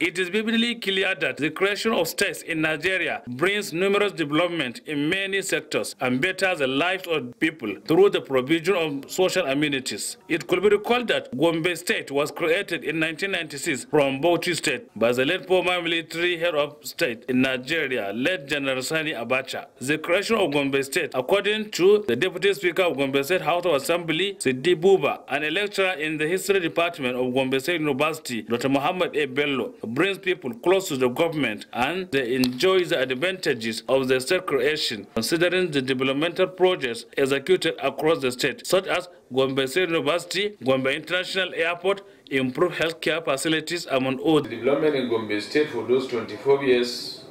It is vividly clear that the creation of states in Nigeria brings numerous development in many sectors and better the lives of people through the provision of social amenities. It could be recalled that Gombe State was created in 1996 from Bauchi State by the late former military head of state in Nigeria, late General Sani Abacha. The creation of Gombe State, according to the Deputy Speaker of Gombe State House of Assembly, Sidi Buba, an lecturer in the History Department of Gombe State University, Dr. Muhammad A. Bello, brings people close to the government and they enjoy the advantages of the state creation, considering the developmental projects executed across the state, such as Gombe State University, Gombe International Airport, improved healthcare facilities, among others. Development in Gombe State for those 24 years,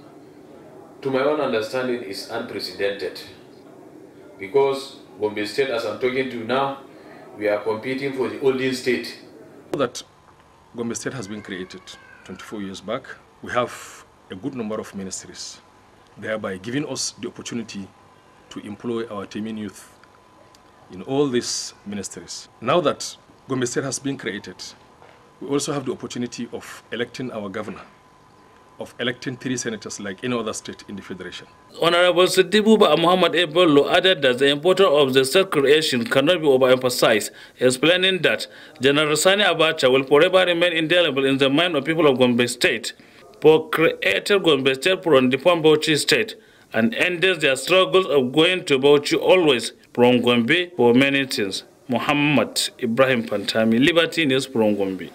to my own understanding, is unprecedented. Because Gombe State, as I'm talking to you now, we are competing for the olden state. That Gombe State has been created. 24 years back, we have a good number of ministries, thereby giving us the opportunity to employ our Temin youth in all these ministries. Now that Gombe State has been created, we also have the opportunity of electing our governor of electing three senators like any other state in the federation. Honorable Buba Muhammad Ebolo added that the importance of the state creation cannot be overemphasized, explaining that General Sani Abacha will forever remain indelible in the mind of people of Gombe State for creating Gombe State from the former Bauchi State and ended their struggles of going to Bauchi always from Gombe for many things. Muhammad Ibrahim Pantami, Liberty News from Gombe.